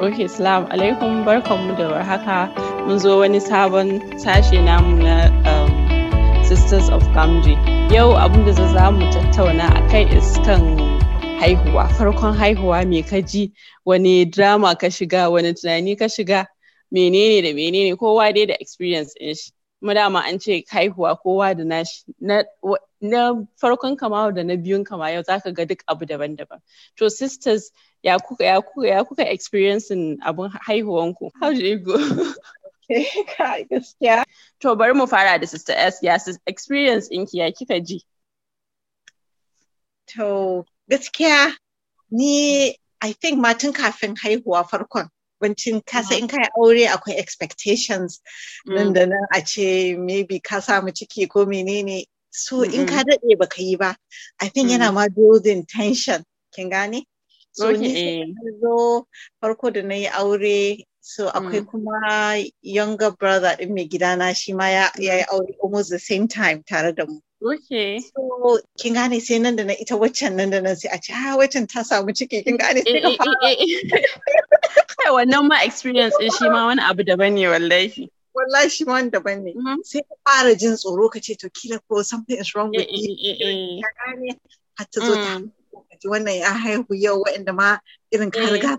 Ok, salam alaikum barkanmu da warhaka mun zo wani sabon sashe namu na um, Sisters of Gamji. Yau abinda da za mu tattauna a kai iskan haihuwa, farkon haihuwa mai kaji ji, wani drama ka shiga, wani tunani ka shiga, menene da menene kowa dai da experience ɗin shi. Kuma dama an ce haihuwa kowa da nashi. na farkon kama da na biyun kama yau zaka ga duk abu daban-daban to sisters ya kuka ya kuka ya kuka experiencing abun haihuwanku how do you go gaskiya to bari mu fara da sister S ya experience ki ya kika ji to gaskiya ni I think ma tun kafin haihuwa farkon bancin kasa in kai aure akwai expectations mm. nan da nan a ce maybe ka samu ciki ko menene so in ka daɗe baka yi ba i think yana mm. ma building tension kin gane so ni eh. zo farko da nayi aure so akwai mm. kuma younger brother ɗin mai gidana shi ma ya yi aure almost the same time tare da mu Okay. So, kin gane sai nan da na ita waccan nan da nan sai a ce, ha ah, waccan ta samu ciki, kin gane sai ka eh, eh, fara. Wannan ma experience ɗin shi ma wani abu daban ne wallahi. wallahi shi ma daban ne mm-hmm. sai ka fara jin tsoro ka ce to kila ko something is wrong with eh, eh, you eh, ya gane har ta zo ta mm. ji wannan ya haihu yau waɗanda ma irin ka riga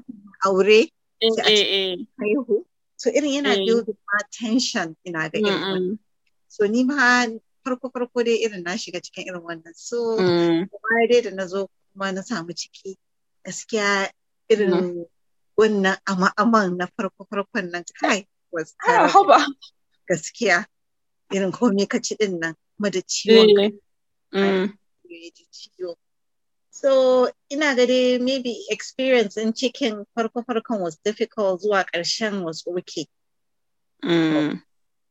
aure sai a ce haihu so irin yana building ma tension ina da irin so ni ma farko farko dai irin na shiga cikin irin wannan so kuma mm. dai da na zo kuma na samu ciki gaskiya irin mm-hmm. wannan amma aman na farko farkon nan kai was ah, terrible. Gaskiya irin komai ka ci din nan kuma da ciwon eh, mm. ciwo. So ina ga dai maybe experience in chicken farko-farkon was difficult zuwa ƙarshen was okay. Mm. So,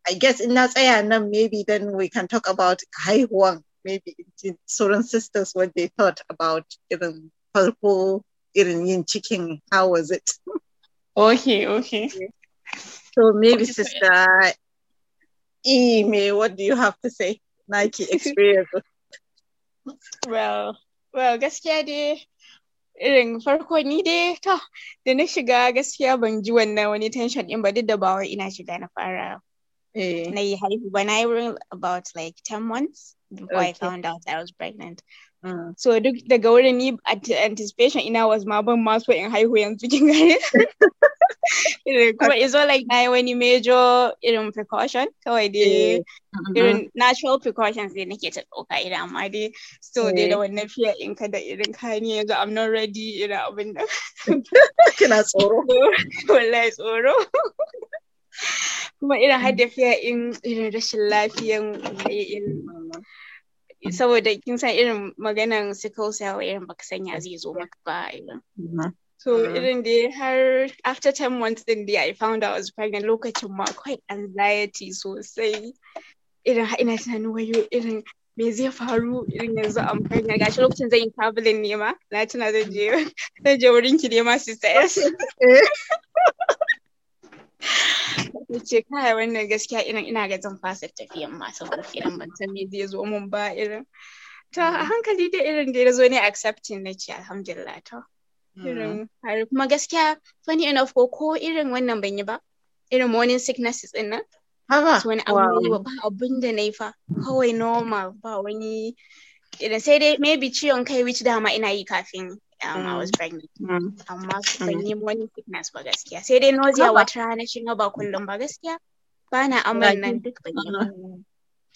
I guess in na tsaya nan maybe then we can talk about haihuwan maybe sauran sisters what they thought about irin farko irin yin chicken. how was it. okay, okay. Yeah. So maybe sister Amy, what do you have to say? Nike experience. well, well gaskiya dai irin farko ni dai to da na shiga gaskiya ban ji wannan wani tension din ba duk da ba wai ina shiga na fara eh. na yi haihu ba na yi about like 10 months before okay. I found out I was pregnant. Ah. So duk daga wurin ni at anticipation ina was ma ban ma so in haihu yanzu kin gane. Kuma it's all like na wani major irin precaution kawai dai eh. irin natural precautions dai nake ta ɗauka idan amma dai so dai da eh. wannan fear in kada irin kani yanzu I'm not ready irin abin da. Kina tsoro. Wallahi tsoro. Kuma had hadda fear in irin rashin lafiyan irin mm-hmm. saboda kin san irin maganan sickle cell irin baka sanya zai zo maka ba mm-hmm. Mm-hmm. irin so irin da har after 10 months din da I found out I was pregnant lokacin ma akwai anxiety sosai irin ina tunanin wayo irin me zai faru irin yanzu an fanya gashi lokacin zan yi traveling ne ma na tuna zan je zan je wurin ki ne ma sister ce kai wannan gaskiya irin ina ga zan fasa tafiyan ma saboda nan ban san me zai zo mun ba irin to a mm. hankali dai irin da ya zo ne accepting na ce alhamdulillah to mm. irin har kuma gaskiya funny enough ko ko irin wannan ban yi ba irin morning sicknesses din nan haba wani abubuwa ba abin da na yi fa kawai normal ba wani irin sai dai maybe ciwon kai which dama ina yi kafin um, I was mm. pregnant. Mm. Amma ban yi wani fitness ba gaskiya. Sai dai nausea wata rana shi ba kullum ba gaskiya. Ba na aman nan duk ban ba.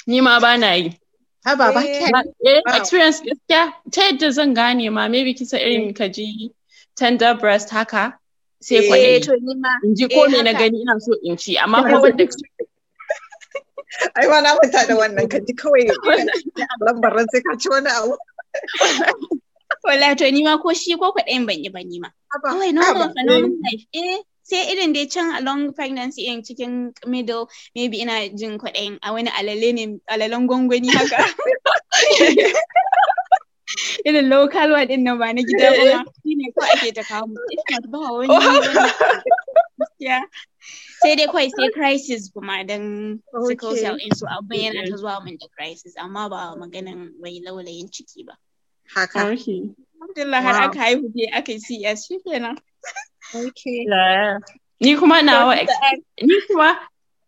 Ni ma ba na yi. Haba ba Eh, eh experience gaskiya ta yadda zan gane ma maybe kisa irin mm. ka ji tender breast haka. Sai kwaɗayi. Eh, In ji eh, ko me na gani ina so in ci amma ko wanda Ai ma na manta da wannan ka ji kawai lambaran sai ka ci wani abu. Wala to ni ma ko shi ko kwaɗayin ban yi ba ni ma. Kawai na phenomenon fa Eh, sai irin dai can a long pregnancy in cikin middle maybe ina jin kwaɗayin a wani alale ne alalen gwangwani haka. Irin local one din nan ba na gida ba shi ne ko ake ta kawo mu. If not ba wani. Gaskiya. sai dai kawai sai crisis kuma don sickle cell in so abin yana ta zuwa min da crisis amma ba maganin wai laulayin ciki ba. haka alhamdulillah har aka haihu dai aka yi CS shikenan okay ni kuma nawa ni kuma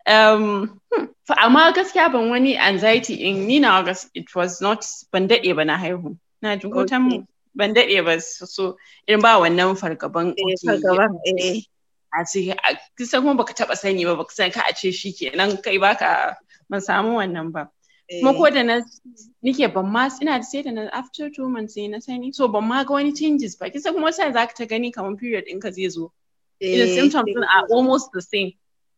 um, hmm, amma gaskiya ban wani anxiety in ni na August it was not ban daɗe ba na haihu na jin kotan mu ban daɗe ba so irin ba wannan fargaban eh, fargaban eh a sai kusan kuma baka taɓa sani ba baka sani ka a ce shi shikenan kai baka ban samu wannan ba kuma ko eh. da na nike ban ma ina da sai da na after two months ne na sani so ban ma ga wani changes ba kisa kuma za ka ta gani kamar period din ka zai zo the eh, symptoms din are eh. almost the same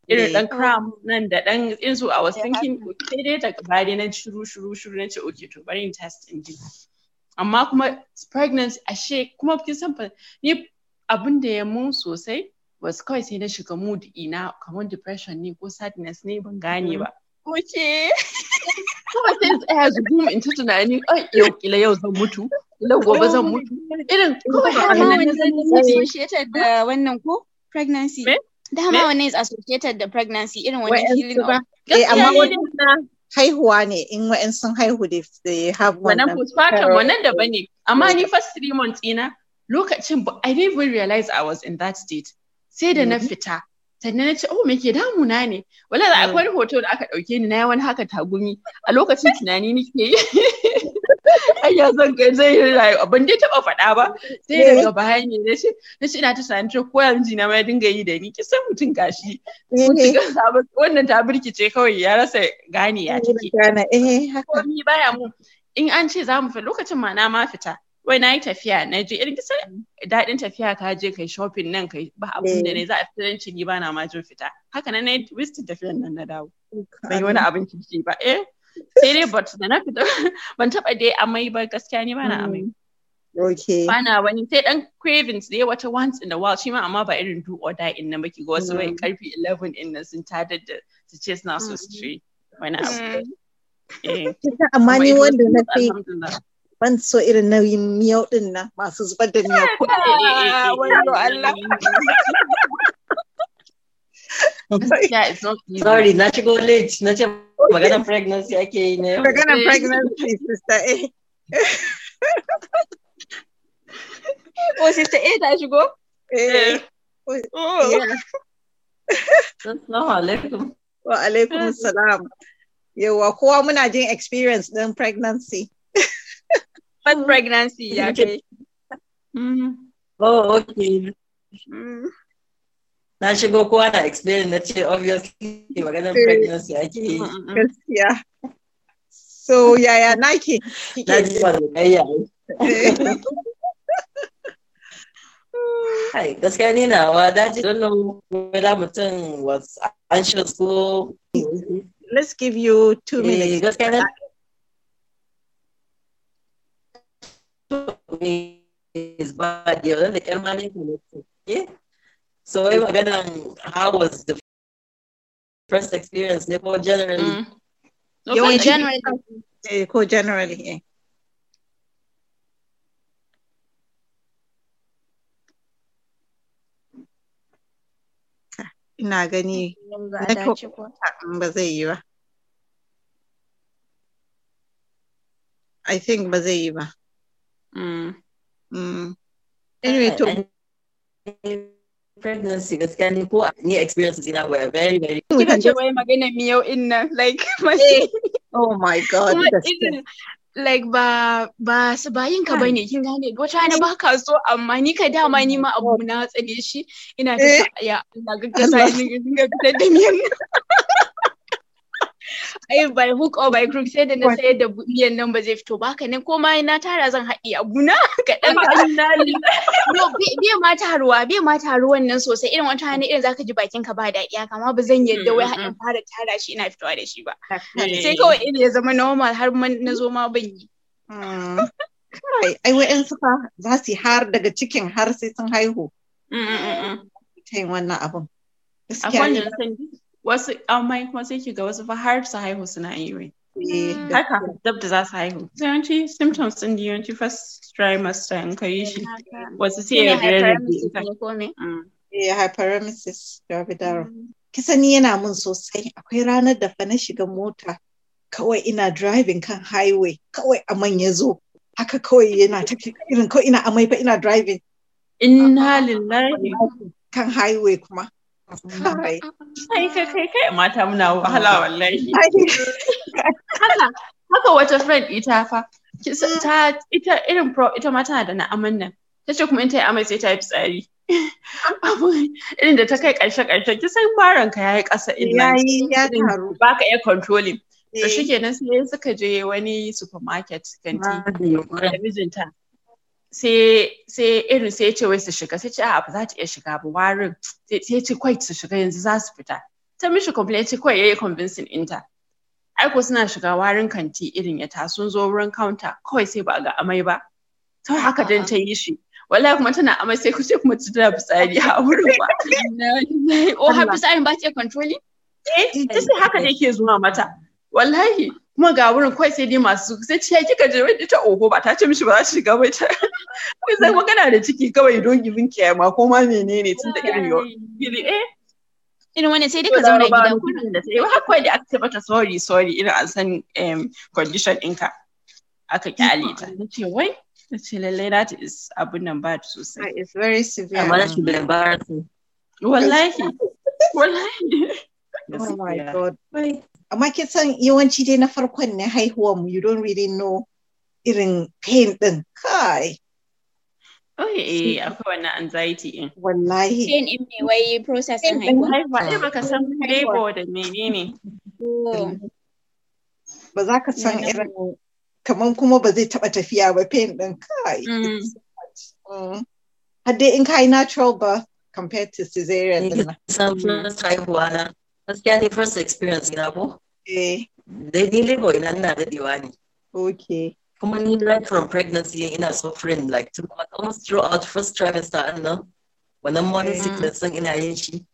irin dan cramp nan da dan in so I was thinking sai dai daga dai na shiru shiru shiru na ce okay to bari in test in ji amma kuma pregnancy ashe kuma kin san ni abin da ya mun sosai was kawai sai na shiga mood ina kamar depression ne ko sadness ne ban gane mm-hmm. ba. kawai sai tsaya su goma in ta tunani ai yau kila yau zan mutu kila gobe zan mutu irin kawai har ma wani zan associated da wannan ko pregnancy dama wani is associated da pregnancy irin wani feeling of eh, amma wani haihuwa ne in wa'in sun haihu da ya have wannan wannan postpartum wannan da bane amma ni first three months ina lokacin I didn't even realize I was in that state sai da na mm-hmm. fita sannan na ce oh me ke damuna ne wala da mm. akwai hoto da aka dauke ni na wani haka tagumi a lokacin tunani nake yi ayya zan kai, zai yi rayu ban dai taba faɗa ba sai daga baya ne na ce na ce ina ta sanin ta ko na ma dinga yi da ni ki san mutum gashi wannan ta birkice kawai ya rasa gane ya take Ko ni baya mu in an ce za mu fita lokacin ma na ma fita wai na yi tafiya na je irin kisa mm. daɗin tafiya ka je kai shopping nan kai ba abin da eh. ne za a fita nan ni ba na ma jin fita haka nan na yi wistin tafiyan nan na dawo bai wani abin kirki ba eh sai dai but da na fita ban taba dai amai ba gaskiya ni ba na amai mm. Okay. Bana wani sai dan cravings dai wata once in a while shi ma amma ba irin do or die in nan baki ga wasu wai karfi mm. 11 in nan sun tadar da su ce suna so su ci wani abu. Eh. Amma ni wanda na fi ban so irin nauyin miyau din nan masu zubar da miyau ko Allah Sorry, na shigo late, na ce pregnancy ake yi ne. Maganar pregnancy, sister A. Eh. Oh, sister eh, A ta shigo? Eh. eh. Oh. alaikum. Wa alaikum salam. Yawa, kowa muna jin experience ɗin pregnancy. but pregnancy, yeah. Okay. Mm. Oh, okay. Mm. Na go. kowa na explain that she obviously maganar pregnancy ake yi. Mm, mm, mm. Yeah. So yeah, yeah, Nike Na ji ba zai Hai, gaskiya ni na wa don't know whether I'm was anxious Let's give you two minutes. his ba da da kyar ma ne so wai how was the first experience ne ko generally yawan generally ko generally ina gani ba zai yi ba I think ba zai yi ba. Mm. mm. Anyway, uh, to- pregnancy gaskiya ne ko ni experiences ina were very very in nan like oh my god like ba ba su ka bane kin gane na ba so amma ni ka dama ni ma oh abu na tsane shi ina ta eh. ya Allah gaggasa ni ga fitar da miyan ai by hook or by crook sai da na sayar da miyan nan ba zai fito ba haka ne ko ma na tara zan haɗi abuna kaɗan kaɗan no bai ma taruwa bai ma taruwan nan sosai irin wata hannun irin zaka ji bakin ka ba da iya kama ba zan yarda wai mm, mm, haɗin mm. fara tara shi ina fitowa da shi ba sai kawai irin ya zama normal har na zo ma ban yi ai wa'yan suka za su yi har daga cikin har sai sun haihu ta yin wannan abun gaskiya wasu amma kuma sai ki ga wasu fa har su haihu suna yi wai eh, mm. haka dab da za su haihu yawanci symptoms din da yawanci first trimester in ka yi shi wasu sai ya yi da mm. eh hyperemesis gravidarum mm. ki sani yana mun sosai akwai ranar da fa na shiga mota kawai ina driving kan highway kawai aman ya zo haka kawai yana tafi irin kawai ina amai fa ina driving inna lillahi kan highway kuma Ai, kai kai kai mata muna wahala wallahi. Haka, haka wata friend ita fa. Mm. Ta ita irin pro ita ma tana da na'aman nan. Ta ce kuma in ta yi amai sai ta yi fitsari. Irin da ta kai ƙarshe ƙarshe ki san baran ka yayi ƙasa in nan. Yayi ya taru. Ba ka iya controlling. To eh. shikenan sai suka je wani supermarket kanti da mijinta. sai sai irin sai ya ce wai su shiga sai ce a ba za ta iya shiga ba warin sai ya ce kwai su shiga yanzu za su fita ta mishi complain ce ya yayi convincing inta aiko suna shiga warin kanti irin ya ta sun zo wurin counter kawai sai ba ga amai ba to haka dan ta yi shi wallahi kuma tana amai sai ce kuma tana fitsari a wurin ba o har fitsarin ba ke controlling eh sai haka ne yake zuwa mata wallahi kuma ga wurin kawai sai dai masu sai ce ya kika je wai ita oho ba ta ce mishi ba za ta shiga ba ita kai sai magana da ciki kawai don giving care ma ko ma menene tun da irin yau eh wani sai dai ka zauna gida kullum da sai har kawai da aka ce mata sorry sorry irin an san condition ɗinka aka kyale ta na wai na lallai that is abun nan bad sosai it's very severe amma that should be embarrassing wallahi wallahi oh my god amma kin san yawanci dai na farkon na haihuwa mu you don't really know irin pain din kai Oh, eh, akwai wannan anxiety in. Wallahi. Pain in me wai process din haihuwa. Haihuwa, eh baka san labor da menene. Mm. Ba za ka san mm. irin kaman kuma ba zai taba tafiya ba pain din kai. Mm. Har dai in kai natural birth compared to cesarean din. haihuwa na. Gaskiya ne first experience na ko. Eh. Daidai labor ina ina dadewa Okay. Kuma ni right from pregnancy ina suffering like throughout, almost throughout first trimester an nan. Wannan morning mm. sickness din ina yin shi.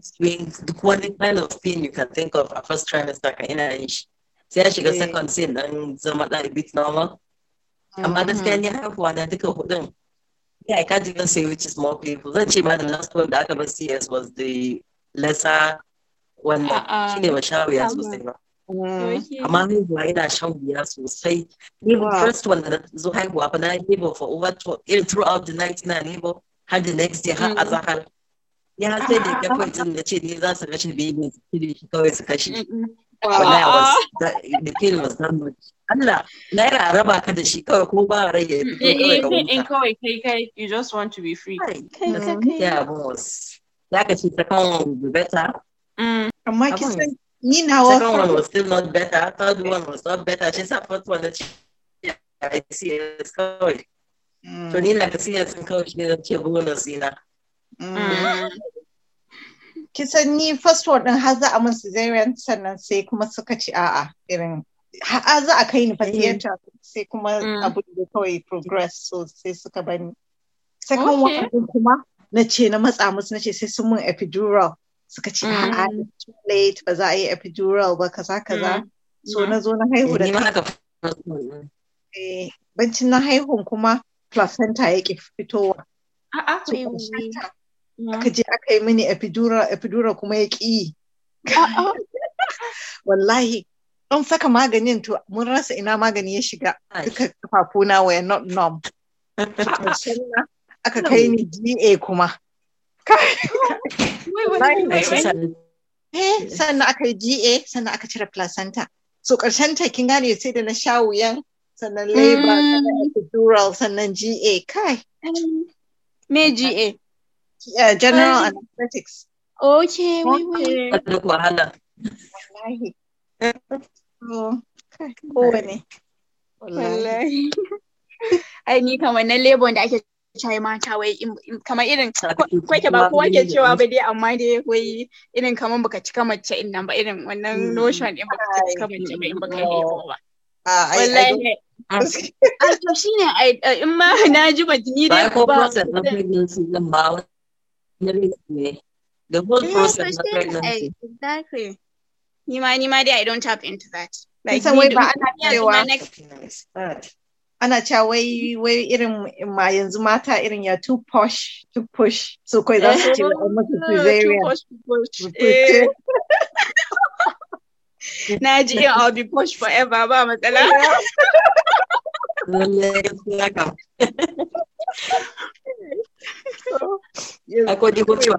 Swings, the wani kind of pain you can think of a first trimester ka ina yin shi. Sai ya shiga second sai dan zama a bit normal. mother's Amma mm-hmm. have one, I think, duka hudun Yeah, I can't even say which is more painful. Zan ce ma the last one da aka bar CS was the lesser wannan shi ne ban sosai ba mm. amma haihuwa yana shan wuya sosai first one da zo haihuwa ba na labor for over in eh, throughout the night na labor har the next day har mm. azahar ya sai da ga ah. kwantin da ce ne za su kashe baby su kiri shi kawai su kashe wallahi was the pain was that much Allah naira raba ka da shi kawai ko ba rai ya fito kawai ka huta in kawai kai kai you just want to be free kai kai kai mm, ya boss ce second one will be Amma kin san ni nawa. Second one was still not better. Third one was not better. Shi sa fourth one ce a CS kawai. To ni na ka CS kawai shi ne ke bonus ina. Mm. Kisan ni first one din haza a musu cesarean sannan sai kuma suka ci a'a irin har za a kai ni fasiyanta mm. sai kuma mm. abu da kawai progress so sai suka bani. Second one kuma na ce na matsa musu na ce sai sun mun epidural suka ce a mm. too late ba za a yi epidural ba kaza kaza mm. so na zo na haihu da eh, eh, bancin na haihun kuma placenta ke fitowa aka je aka yi mini epidural epidural kuma ya ki wallahi don saka maganin to mun rasa ina magani ya shiga duka kafafuna were not norm aka kai ni GA kuma Eh, sannan aka yi GA sannan aka cire placenta so ƙarshen ta kin gane sai da na sha wuyan sannan labor mm. sannan sannan GA kai me GA general anesthetics okay wahala wallahi oh, ai ni kamar na labor da ake ta wai irin ba kowa ke cewa ba dai amma dai wai irin baka cika mace nan ba irin wannan notion baka cika mace ba in baka yi ba wallahi a to shine in ma na ji ba dai ba na ba the whole process of pregnancy exactly ni ma ni ma dai i don't tap into that like so ana cewa wai wai irin ma yanzu mata irin ya too eh, push too push so kai za su ce musu cesarean na ji yin eh, I'll be pushed forever ba matsala Akwai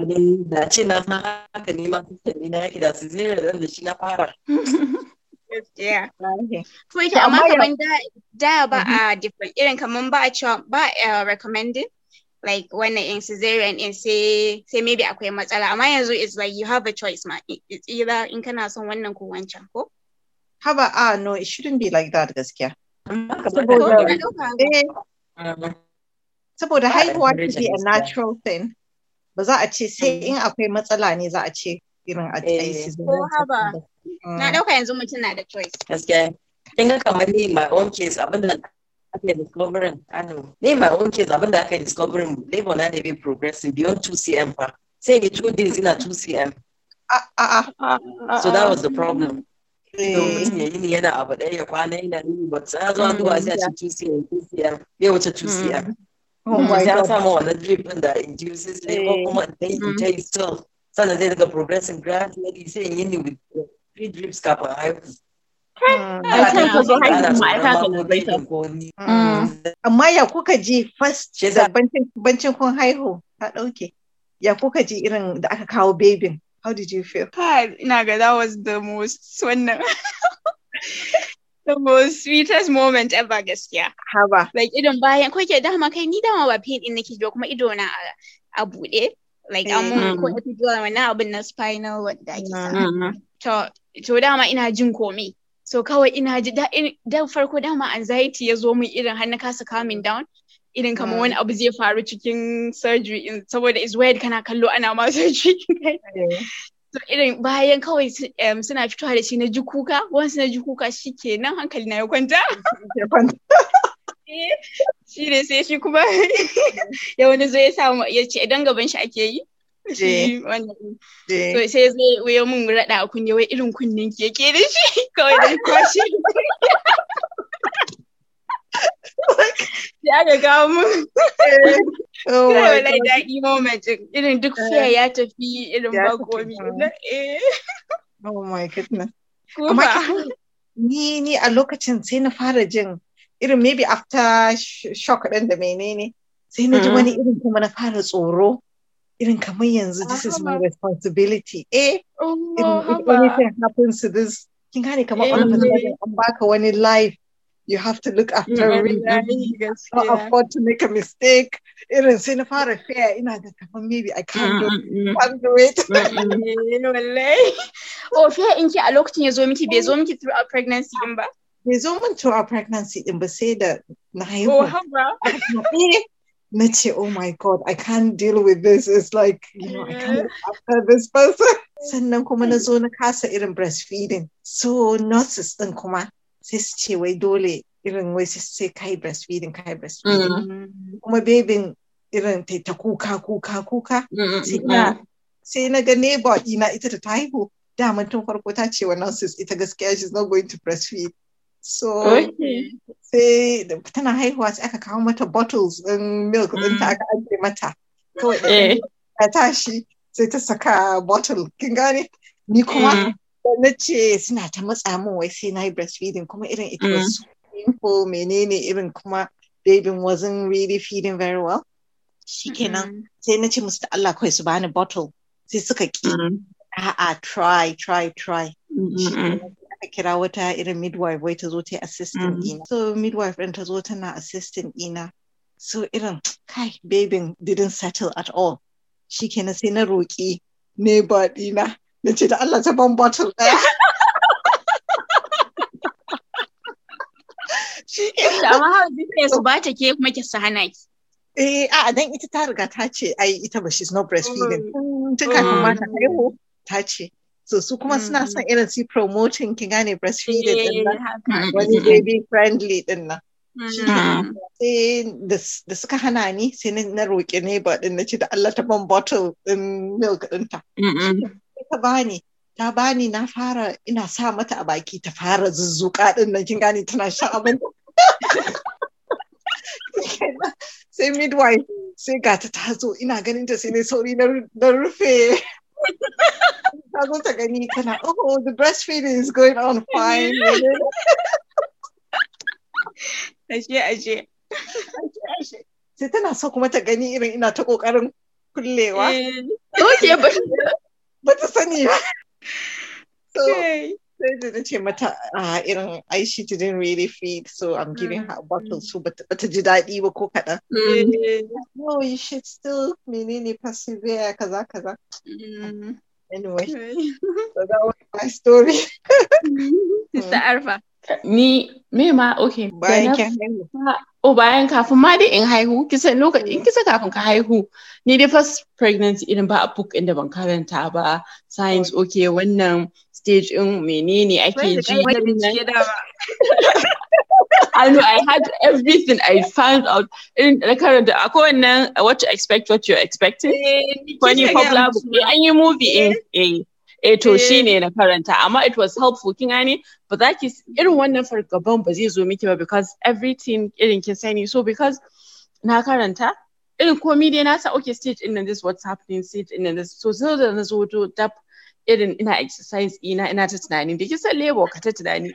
ne da ce na haka na yaki da su da shi na fara. yeah kuma ita amma kaman da ba a different irin kaman ba a cewa ba a uh, recommending like wannan in cesarean in say say maybe akwai matsala amma yanzu is like you have a choice ma it's either in kana son wannan ko wancan ko haba ah no it shouldn't be like that gaskiya saboda haihuwa to be a natural thing ba za a ce sai in akwai matsala ne za a ce irin a cesarean na mm. dauka yanzu mutum na da choice gaskiya kin ga kamar ni my own case abin da aka discovering ano ni my own case abin da aka discovering labor na ne be progressing beyond 2 cm fa sai ni 2 days ina 2 cm Ah, ah, ah, ah. so that was the problem eh. yini yana abu ɗaya ya kwana yana yi ba mm, 2 cm 2 cm bai wuce 2 cm mm. oh ya samu wannan drip ɗin da induces labor eh. kuma dai ta yi still sannan zai daga progressing gradually sai yini with three drips kappa. I've Amma ya kuka ji first bancin kun haihu ta ɗauke. Ya kuka ji irin da aka kawo babin. How did you feel? God, Naga, that was the most wannan. the most sweetest moment ever gaskiya. Haba. Like irin bayan ko dama kai ni dama ba pain din nake ba kuma ido a Like an mun eh. ko wannan abin na spinal wanda ake sa. Mm-hmm. To to dama ina jin komai so kawai ina ji da farko dama anxiety ya zo min irin har na kasa calming down irin kamar wani hmm. abu zai faru cikin surgery in saboda is weird kana kallo ana ma surgery so irin bayan kawai suna fitowa da shi na ji kuka wani na ji kuka shikenan hankali na ya kwanta eh, shi ne sai shi kuma ya wani zo ya samu ya ce idan gaban shi ake yi shi eh, wannan sai zai wayo mun raɗa a kunne wai irin kunnen ki yake da shi kawai da kwashi Ya aka kawo mun eh, oh kawai lai daɗi momentin irin duk fiya eh, ya tafi irin ba komi oh my goodness kuma ni ni a lokacin sai na fara jin irin maybe after shock ɗin da menene sai na ji mm-hmm. wani irin kuma na fara tsoro irin kamar yanzu this is my responsibility eh if, anything happens to this kin gane kamar all of a sudden an baka wani life you have to look after yeah, it. Yeah, you not afford to make a mistake. It is in a part of fear. You know, maybe I can't mm, do it. Mm, mm. Can't do it. oh, fear in ki a lokacin ya zo miki bai zo miki throughout pregnancy din ba. Bai zo min throughout pregnancy din ba sai da na haihu. Oh, haba. Mitchie, oh my God, I can't deal with this. It's like, you know, yeah. I can't after this person. Sannan kuma na zo na kasa irin breastfeeding. So nurses din kuma sai su ce wai dole irin wai sai sai kai breastfeeding, kai breastfeeding. Kuma babin irin ta ta kuka, kuka, kuka. Sai na ga neighbor ina ita ta haihu. Daman tun farko ta ce wa nurses ita gaskiya she's not going to breastfeed. So, okay. sai tana haihuwa sai aka kawo mata bottles ɗin milk ɗin ta mm. aka ajiye mata kawai eh. ta tashi sai ta saka bottle kin gane ni kuma mm. na ce suna ta matsa min wai sai na yi breastfeeding kuma irin ba was mm. painful menene irin kuma babin wasn't really feeding very well shikenan mm-hmm. sai na ce musu da Allah kawai su bani bottle sai suka ki a'a try try try kira wata irin midwife wai ta zo ta yi assistant mm. ina. So midwife ɗin ta zo tana assistant ina. So irin kai babin didn't settle at all. Shi kenan sai na roƙi neighbor ɗina. Na ce da Allah ta ban bottle ɗaya. amma har duk su ba ta ke kuma ki su hana ki. Eh a dan ita ta riga ta ce ai ita ba she's not breastfeeding. Mm. Tun kafin ma ta mm. haihu ta ce so su kuma suna son mm. irin su promoting kin gane breastfeeding eh, din nan wani baby friendly din nan mm. sai da suka hana ni sai na roƙi ne ba din nace da Allah ta ban bottle din milk din ta ta bani ta bani na fara ina sa mata a baki ta fara zuzzuka din nan kin gane tana sha abin sai midwife sai gata ta zo ina ganin ta sai ne sauri na rufe Bago sa gani ka na, oh, the breastfeeding is going on fine. ashe, ashe. Ashe, ashe. Sai na so kuma ta gani irin ina ta kokarin kullewa. Eh. Okay, but but sani ba. okay didn't hear mata uh, irin I she didn't really feed so I'm giving mm. her a bottle mm. so but bata ji daɗi ba ko kaɗan. Mm. No you should still menene persevere kaza kaza. Mm. Anyway, so that was my story. Sister Arfa. Ni me ma okay. Bye, kin oh bayan kafin ma dai in haihu kisa lokacin mm. kisa kafin ka haihu ni dai first pregnancy irin ba a book inda ban karanta ba science okay wannan stage in menene ake ji I know I had everything I found out in the current ako wannan what to expect what you're expecting. Eh, Funny popular book eh, an yi movie in eh, eh. eh to eh. shi ne na karanta amma it was helpful kin gane ba za ki irin wannan fargaban ba zai zo miki ba because everything irin kin sani so because na karanta irin komi dai na sa okay stage in this what's happening stage in this so so da na zo to dab irin ina exercise ina ina ta tunani da kisa labor ka ta tunani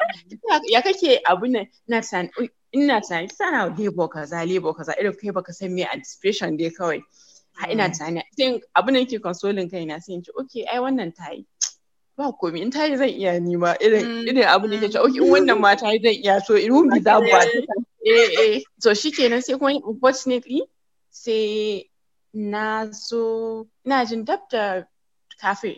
ya kake abu na ina tunani ina tunani kisa na labor kaza labor kaza irin kai baka san me anticipation dai kawai ina mm. tunani think abin da yake consoling kaina sai in ce okay ai wannan ta yi ba komi in ta yi zan iya nima irin mm. irin abu ne ke ok wannan mm. ma ta yi zan iya so it won't be eh eh so shikenan sai kuma unfortunately sai na zo ina jin dab da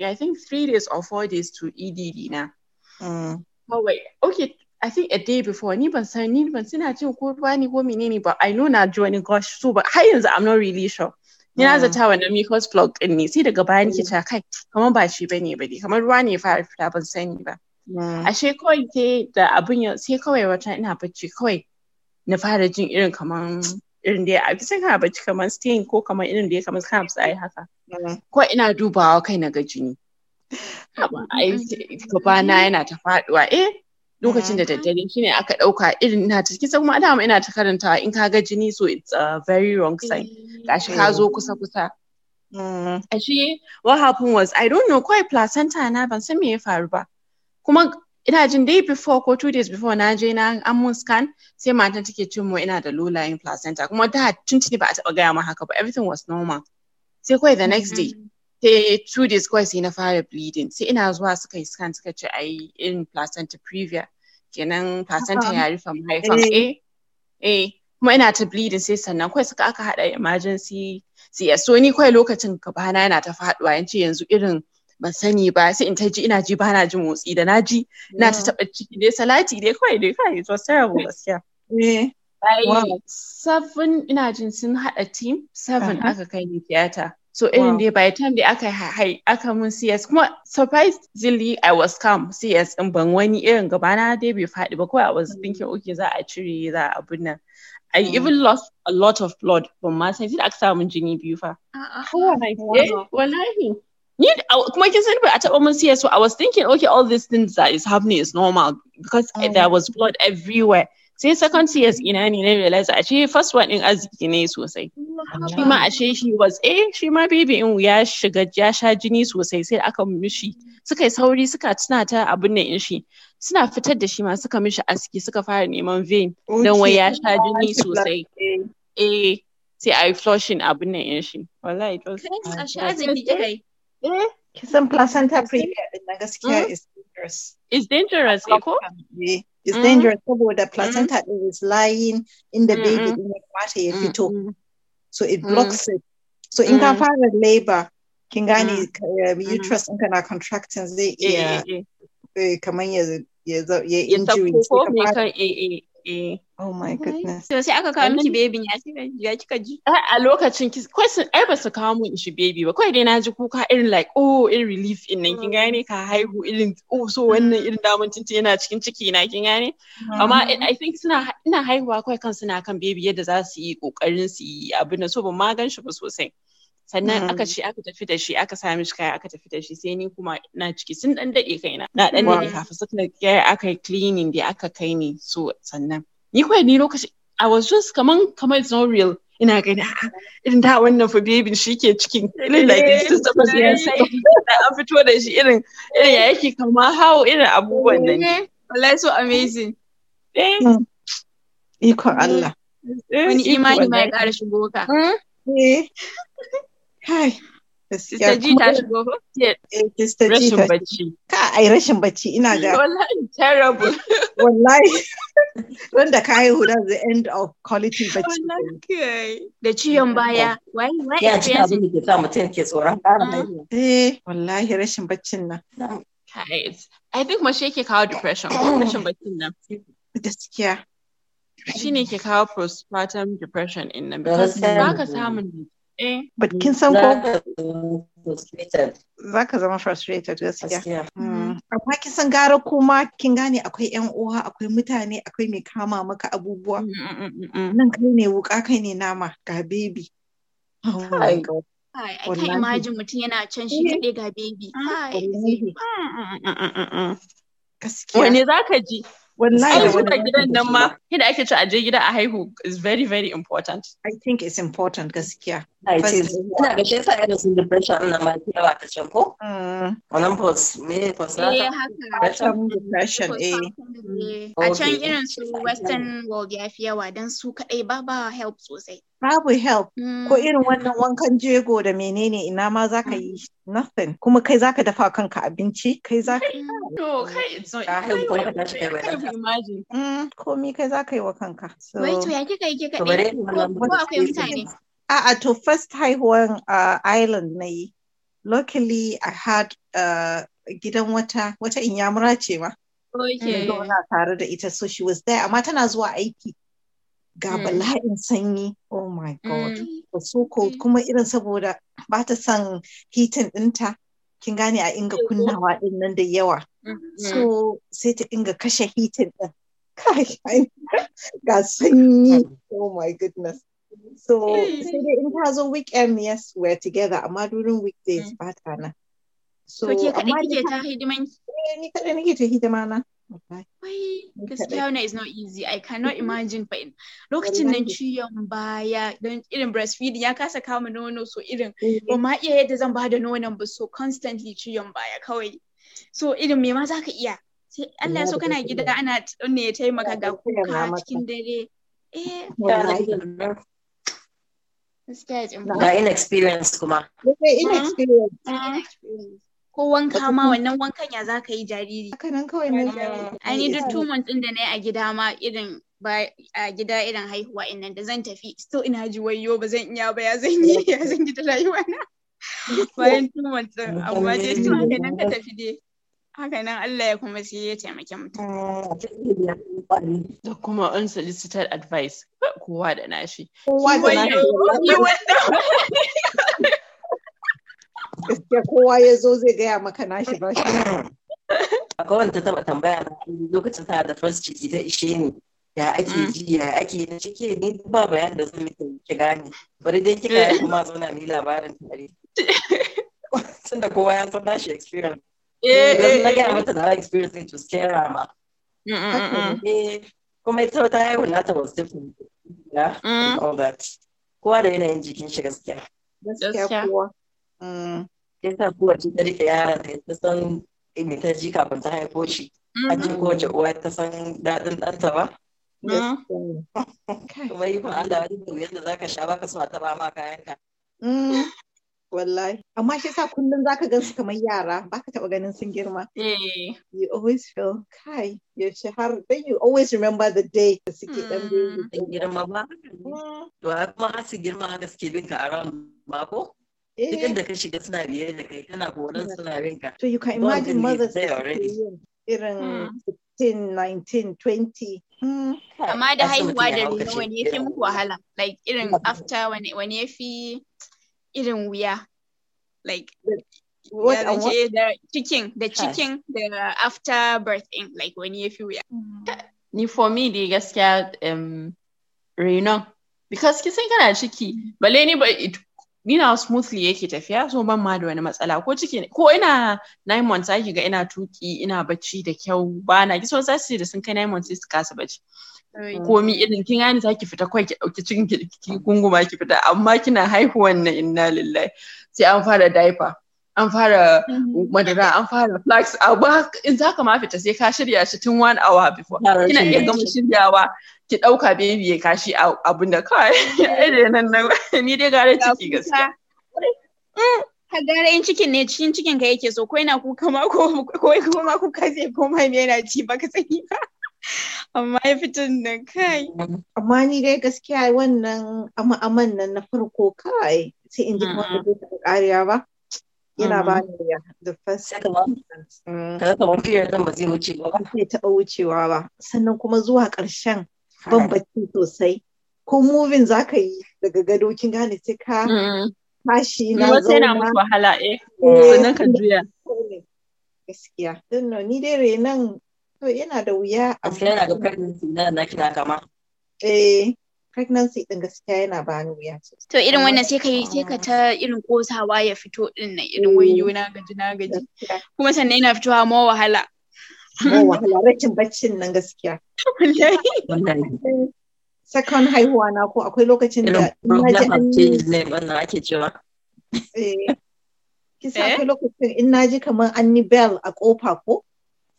I think three days or four days to EDD na. Mm. Oh wait, okay. I think a day before ni ban san ni ban sina jin ko ba ni ko menene ba I know na joining gosh so but har yanzu I'm not really sure. ni na ah. zata wannan mucus plug din ne sai daga bayan nake ta kai kamar ba shi bane ba ne kamar ruwa ne fara fita ban sani ba ashe kawai ke da abun ya sai kawai wata ina bacci kawai na fara jin irin kamar irin da ya sai kana bacci kamar stain ko kamar irin da ya kamar kana fitsari haka ko ina dubawa kai na ga jini na yana ta faduwa eh lokacin da daddare shine aka dauka irin ina ta kisa kuma dama ina ta karantawa in ka ga jini so it's a very wrong sign eh. gashi ka zo kusa kusa mm. ashe what happened was i don't know kawai placenta na ban san me ya faru ba kuma ina jin day before ko two days before na je na an mun scan sai matan take ce mu ina da low lying placenta kuma da tuntuni ba a taba gaya ma haka ba everything was normal sai kawai the next day mm-hmm. sai two days kawai sai na fara bleeding sai ina zuwa suka yi scan suka ce ai in placenta previa kenan placenta ya rufe mahaifan eh. eh eh kuma ina ta bleeding sai sannan kawai suka aka hada emergency CS so ni kawai lokacin gabana yana ta faduwa yance yanzu irin ban sani ba sai in ta ji ina ji bana ji motsi da na ji ina ta taba ciki dai salati dai kawai dai kai it was terrible eh. gaskiya eh. Wow. seven ina jin sun hada team seven aka kai ni tiyata So irin dai by the time da aka aka mun CS kuma surprisingly I was calm CS in ban wani irin gabana dai bai faɗi ba kawai I was mm. thinking okay za a cire za a nan. I mm. even lost a lot of blood from my side. Aka samun jini biyu fa. Eh, wallahi. Ni kuma kin san ba a taɓa mun CS so I was thinking okay all these things that is happening is normal because mm. there was blood everywhere sai second years ina ne na realize ashe first one din arziki ne sosai shi ma ashe shi was eh shi ma baby in ya shiga ya sha jini sosai sai aka mishi suka yi sauri suka tuna ta abin nan in shi suna fitar da shi ma suka mishi aski suka fara neman vein dan wai ya sha jini sosai eh sai a yi flushing abin nan in shi wallahi it was eh kisan placenta previa din na gaskiya hmm? is dangerous is dangerous eh ko it's mm. dangerous the mm-hmm. placenta mm. is lying in the baby mm-hmm. in if kamata ya fito. So it blocks it. So in uh, eh, eh, eh. ka fara labor kin gane uterus ɗinka na contracting zai iya kamar ya ya injury. Oh my goodness. sai aka kawo miki baby ya kika ji? Ah, a lokacin ki sun ai ba su kawo mun shi baby ba. Kawai dai na ji kuka irin like oh irin relief in nan kin gane ka haihu irin oh so wannan irin damun tinti yana cikin ciki na kin gane. Amma mm-hmm. I think suna ina haihuwa kawai kan suna kan baby yadda za su yi kokarin su yi abin da so ban ma gan shi ba sosai. sannan mm-hmm. aka ce aka tafi da shi aka sami shi kaya aka tafi da shi sai ni kuma na ciki sun dan dade kaina na dan dade kafin suka kaya aka yi cleaning da aka kai ni so sannan ni kawai ni lokaci I was just kaman kaman it's not real ina gani irin da wannan fa bebin shi ke cikin irin like this is the ya sai an fito da shi irin irin ya yake kama hawo irin abubuwan da ne wallahi so amazing eh hmm. ikon Allah eh. wani imani ma ya ƙara shigo ka hmm? eh kai Eh, Sister G ta Sister G ta bacci. Ka ai rashin bacci ina ga. Wallahi terrible. Wallahi. When the kai haihu that's the end of quality bacci. Wallahi. Da ciyon mm. baya. Wai wai. Ya ci abin da ke sa mutum ke tsoron ƙara mm. haihuwa. Eh wallahi rashin na. Guys, I think mashi yake kawo depression, rashin baccin nan. Gaskiya. Shi ne ke kawo postpartum depression in nan. Because ba ka samun Eh, But kin san ko za ka zama frustrated gaskiya. Hmm. Amma kin san gara kuma kin gane akwai yan uwa akwai mutane akwai mai kama maka abubuwa. Mm, mm, mm, Nan kai ne wuka kai ne nama ga baby. Hi, oh I can imagine mutum yana can shi eh. kaɗai ga baby. Wani za ka ji? When I gidan nan ma yadda ake ci a a is very very important i think it's important gaskiya ina ga shi yasa yana sun depression ina ma ta yawa ta can ko wannan depression eh. eh a western world ya yawa dan su kadai ba ba help sosai help mm. ko irin wannan wankan jego da menene ina ma yi mm. nothing kuma kai ka dafa kanka abinci kai zaka mm. to Mm, komi kai za ka yi wa kanka. Wai to ya kika yi kika ɗaya ko akwai mutane? a to first haihuwan uh, island na yi. Luckily I had uh, gidan wata wata inyamura ce ma. Okay. Ina tare da ita so she was there amma tana zuwa aiki. Ga hmm. bala'in sanyi. Oh my hmm. god. Mm. So cold kuma irin saboda ba ta son hitin ɗinta. Kin gane a inga kunnawa ɗin nan da yawa. so mm-hmm. sai ta inga kashe hitin din kai ga sanyi oh my goodness so sai dai in ta zo weekend yes we're together amma during weekdays mm. ba ta na so ke kaɗai kike ta hidiman eh, ni kaɗai nake ta hidima na Wai, gaskiya wannan is not easy. I cannot imagine fa lokacin nan ciwon baya don irin breastfeeding ya kasa kama nono so irin eh. ba ma iya yadda zan bada nonon ba so constantly ciwon baya kawai. so irin me ma zaka iya sai Allah so kana gida ana ne ya taimaka ga kuka cikin dare eh ga inexperience kuma ah, ah. ko wanka ma wannan wankan ya za ka yi jariri hakanan kawai na jariri ah, duk tumon din da na yi a gida ma irin ba a gida irin haihuwa inanda da zan tafi still ina ji wayo ba zan iya ba ya zan yi ya zan gida rayuwa na bayan tumancin amma dai su haka nan ka tafi dai haka nan Allah ya kuma sai ya taimake mutum. Ah, da kuma unsolicited advice kowa da nashi. Kowa da nashi. kowa ya zo zai gaya maka nashi ba shi. Akwai wanda taɓa tambaya na, lokacin ta da first ciki e ta ishe ni. ya ake mm. ji ya ake na ciki ni. ba bayan da zan miki gane bari dai kika eh. kuma zauna ni labarin tare tunda kowa ya san nashi experience eh na gaya experience to scare kuma ita ta ta all that kowa da yanayin jikin shi gaskiya gaskiya kowa yasa kowace ta rike yara ta ta san me ji kafin ta haifo shi a ji kowace uwa ta san daɗin ɗanta ba kuma yi ba Allah wani yadda za ka sha baka so a taɓa ma kayanka wallahi amma shi sa kullum zaka gan su kamar yara baka taba ganin sun girma eh you always feel kai yaushe har then you always remember the day da suke dan mm. girma ba mm. to kuma har su girma da suke bin ka around ba ko duk eh. da ka shiga suna biye da kai kana koran suna bin ka so you can imagine mothers irin 16 19 20 amma da haihuwa da nawa wani ya fi muku wahala like irin after wani ya fi we are, like what yeah, the, the cikin the chicken, the after birthing, in like wani ya fi wuya ni for me dai gaskiya um you know because kisan kana ciki bale ni ba ni na smoothly yake tafiya so ban ma da wani matsala ko ciki ko ina nine months ake ga ina tuki ina bacci da kyau ba na ki so sai da sun kai nine months su kasa bacci komi irin kin gani za ki fita kawai ki dauki cikin ki gunguma ki fita amma kina haihuwan na inna lillahi sai an fara diaper an fara mm-hmm. madara an fara flax abu in za ka ma fita sai ka shirya shi tun one hour before kina iya gama shiryawa ki dauka baby ya kashi abun da kawai ya nan nan ni dai gare ciki gaskiya mm, ka in cikin ne cikin cikin ka yake so ko yana kuka ma ko ko ma kuka zai koma me yana ci baka sani ba amma ya fitin da kai amma ni dai gaskiya wannan amma nan na farko kai sai in ji kuma da zai taɓa ƙariya ba yana ba ni ya the first mm. kaga kamar fiyar nan ba zai wuce ba Ba zai taɓa wucewa ba sannan kuma zuwa ƙarshen bambanci sosai ko movin za ka yi daga gado kin gane sai ka tashi na zauna yana muku wahala eh, eh sannan ka juya gaskiya don ni dai renan to yana da wuya gaskiya yana ga pregnancy na na kina kama eh pregnancy din gaskiya yana ba ni wuya to irin wannan sai ka sai ka ah. ta irin kosawa ya fito din nan irin wayo na gaji na gaji kuma sannan yana fitowa ma wahala wahala rashin baccin nan gaskiya Second haihuwa na ko akwai lokacin da wannan ake cewa eh. kisa akwai eh? lokacin in na ji kamar an ni bell a kofa ko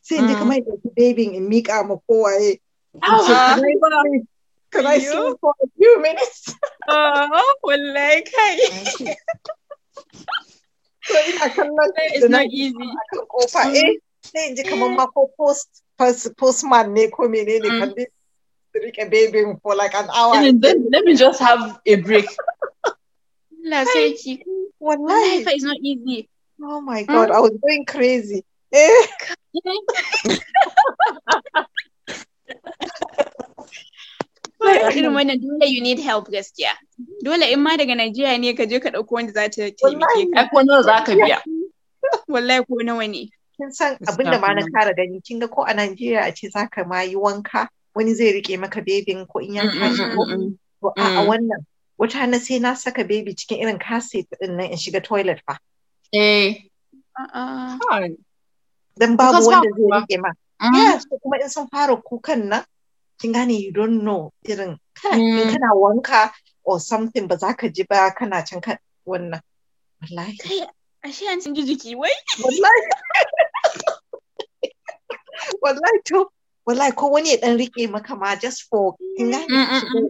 sai come ji kamar mm. da ki babin in mika ma kowaye Can I sleep for a few minutes? Oh, wallahi kai. So ina kallon it's not easy. Akan mm. eh, post postman for eh, eh, mm. like an hour. Let me just have a break. Life is not easy. Oh my God, mm. I was going crazy. Eh. irin wannan dole you need help gaskiya. Dole in ma daga Najeriya ne ka je ka ɗauko wanda za ta taimake ka. Ko nawa za ka biya. Wallahi ko nawa ne. Kin san abin da ma na kara gani kin ga ko a Najeriya a ce za ka ma yi wanka wani zai rike maka bebin ko in ya tashi mm, mm, ko mm, a wannan wata na sai na saka bebi cikin irin kaset din nan in shiga toilet fa. Eh. dan babu wanda zai rike ma mm. yes kuma in sun fara kukan nan kin gane you don't know irin mm. kana wanka or something ba za ka ji ba kana can ka wannan wallahi kai ashe an ji jiki wai wallahi wallahi to wallahi ko wani ya dan rike maka ma just for kin gane mm,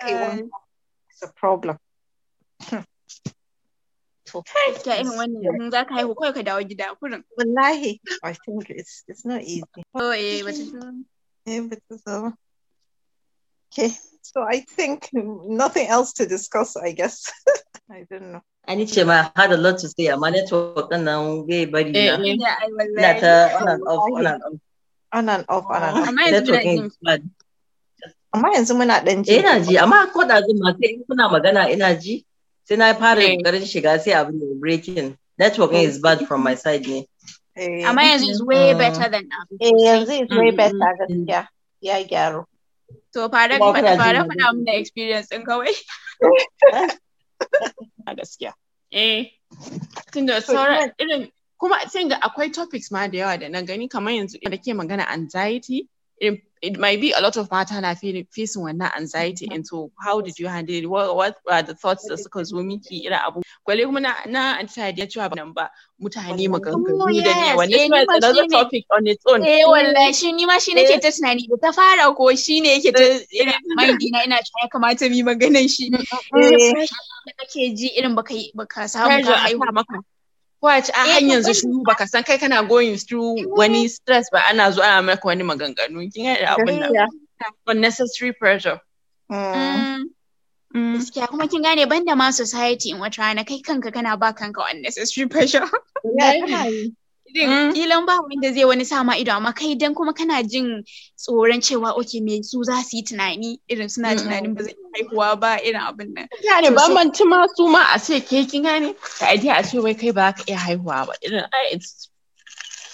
kai wannan it's a problem Da'in wannan za ka haihu kawai ka dawo gida kurin. Wallahi, I think it's, it's not easy. Oh, eh, but it's Yeah, but it's all... Okay, so I think nothing else to discuss, I guess. I don't know. An ce ma had a lot to say amma network ɗin nan bai bari na. Eh, eh, ina ta on and off on and off. On and off on and off. Amma yanzu muna jin bad. Amma yanzu muna ɗan ji. Eh, ina ji amma ko da zuma kai in kuna magana ina ji. sai na fara garin eh. shiga sai abin da breaking network is eh. bad from my side ne eh. amma yanzu is way mm. better than eh yanzu is way better mm-hmm. gaskiya ya gyaro. to fara fara faɗa mun da experience ɗin kawai a gaskiya eh tunda sauran irin kuma sai ga akwai topics ma da yawa da na gani kamar yanzu da ke magana anxiety it, it might be a lot of pattern i na facing that anxiety and mm-hmm. so how did you handle it what, what are the thoughts da suka zo miki irin abu kwale kuma na na anxiety ya cewa nan ba mutane maganganu da ne wannan is another topic on its own eh wallahi shi ni ma shi nake eh. ta tunani da ta fara ko shi ne yake ta eh, irin eh. mind na ina ya kamata mi maganan shi mm, mm, eh nake mm. ji irin baka baka samu ka haihu maka ko a ci eh, a har yanzu shiru baka san kai kana going through eh, wani stress ba ana zuwa ana maka wani maganganu kin ga abin nan unnecessary pressure mm. Mm. Mm. Gaskiya kuma kin gane banda ma society in wata rana kai kanka kana ba kanka unnecessary pressure. din mm. kilan ba wanda zai wani sama ido amma kai dan kuma kana jin tsoron cewa oke me su za su yi tunani irin suna tunanin ba zai haihuwa ba irin abin nan yani ba man ci ma su ma a ce ke kin gane ka idea a ce wai kai ba ka iya haihuwa ba irin it's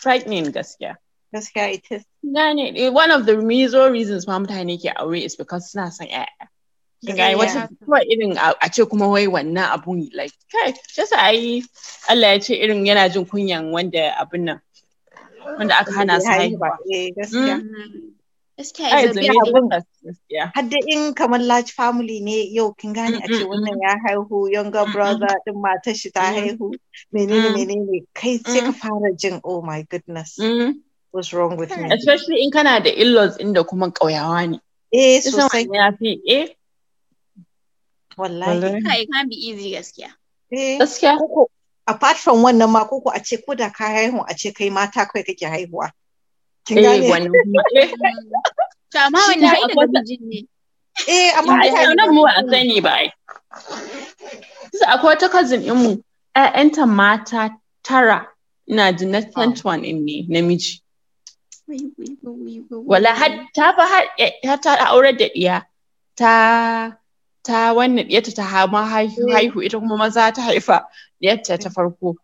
frightening gaskiya gaskiya it is gane eh, one of the major reasons ma mutane ke aure is because suna son ƴaƴa ga wata kawai irin a ce kuma wai wannan abun like kai yasa ai Allah ya ce irin yana jin kunyan wanda abun nan wanda aka hana su haihuwa eh, gaskiya mm. hadda in kamar large family ne yau kin gane a ce wannan ya haihu younger brother din matar shi ta haihu menene mm. menene kai sai ka mm. fara jin oh my goodness what's wrong with me especially in kana da in-laws inda kuma ƙauyawa ne eh sosai ya fi eh wallahi ka it can be easy gaskiya eh, gaskiya koko apart from wannan ma koko a ce ko da ka haihu a ce kai mata kai kake haihuwa kin eh, gane eh. to amma wannan ai da namiji ne eh amma ai nan mu a sani ba ai sai akwai wata cousin din mu ƴaƴanta mata tara ina ji na one in ne namiji wala har ta fa har ta aure da ɗiya ta ta wannan ɗiyarta ta hama eh. haihu ita kuma maza ta haifa ɗiyarta ta eh. farko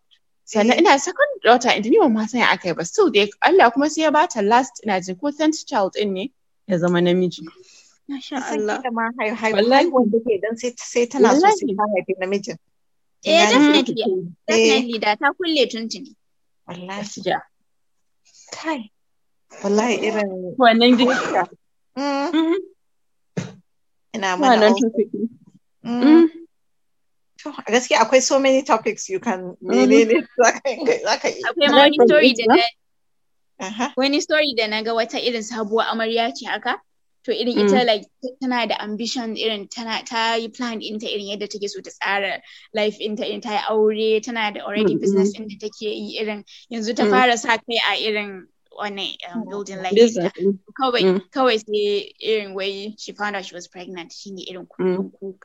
sannan eh. ina second daughter in ma ma san aka yi ba still dai Allah kuma sai ya bata last ina jin ko tenth child din ne ya zama namiji Masha Allah. Wallahi wanda ke dan sai tana so sai ta haifi namijin. Eh definitely. Definitely da ta kulle tuntuni. Wallahi ja. Kai. Wallahi irin wannan gida. ina mana mm. Mm. gaskiya akwai so many topics you can mm. menene za yi akwai ma wani story da na uh-huh. wani story da na ga wata irin sabuwar amarya ce haka to irin ita like tana da ambition irin tana ta yi plan inta irin yadda take so ta tsara life inta irin ta yi aure tana da already business inda take yi irin yanzu ta fara sa kai a irin wani um, oh, building like this? kawai mm. kawai sai irin wai she found out she was pregnant ne irin mm. kuka.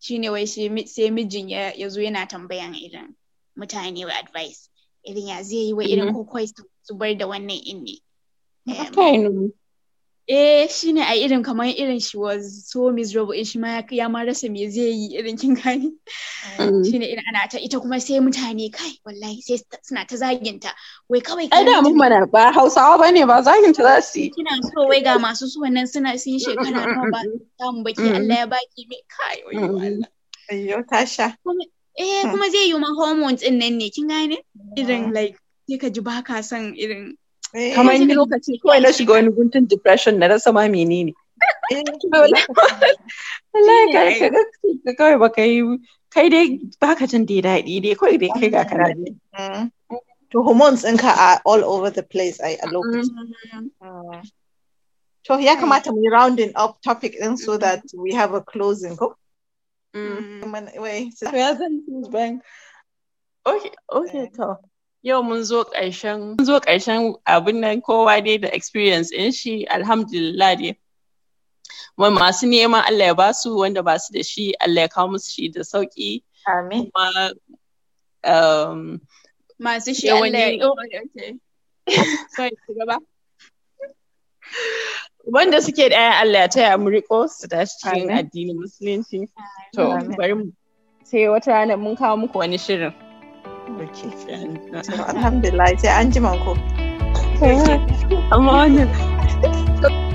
kuka ne wai sai mijin ya zo yana tambayan irin mutane wa advice irin ya zai yi wa mm-hmm. irin ko kawai su bar da wannan in ne eh ne a irin kamar irin shi was so miserable in shi ma ya ma rasa me zai yi irin kin gani mm. shine irin ana ta ita kuma sai mutane kai wallahi sai suna ta zaginta wai kawai ai da mun mana ba Hausawa bane ba zaginta za su yi kina so wai ga masu su wannan suna sun shekara ba ba samu baki mm. Allah ya baki me kai wai mm. Allah ayyo tasha eh hmm. kuma zai yi ma hormones din nan ne kin gane ah. irin like sai ka ji baka son irin kama hivyo kawai nashiga wani guntun depression na rasa ma menene wallahi ka ga kawai baka yi kai dai baka jin dai daɗi dai kawai dai kai ga kana dai to hormones ɗinka are all over the place ai a lokacin to ya kamata mu yi rounding up topic ɗin so that we have a closing ko Mm. Wait, so, okay, okay, to. yau mun zo ƙarshen mun zo ƙarshen abin nan kowa dai da experience in shi alhamdulillah dai ma masu neman Allah ya ba su wanda ba su da shi Allah ya kawo musu shi da sauki amin kuma um, masu shi Allah ya wanda suke da ayan Allah ya taya mu riko su tashi cikin addinin musulunci to bari mu sai wata rana mun kawo muku wani shirin alhamdulillah sai an jima ko amma wannan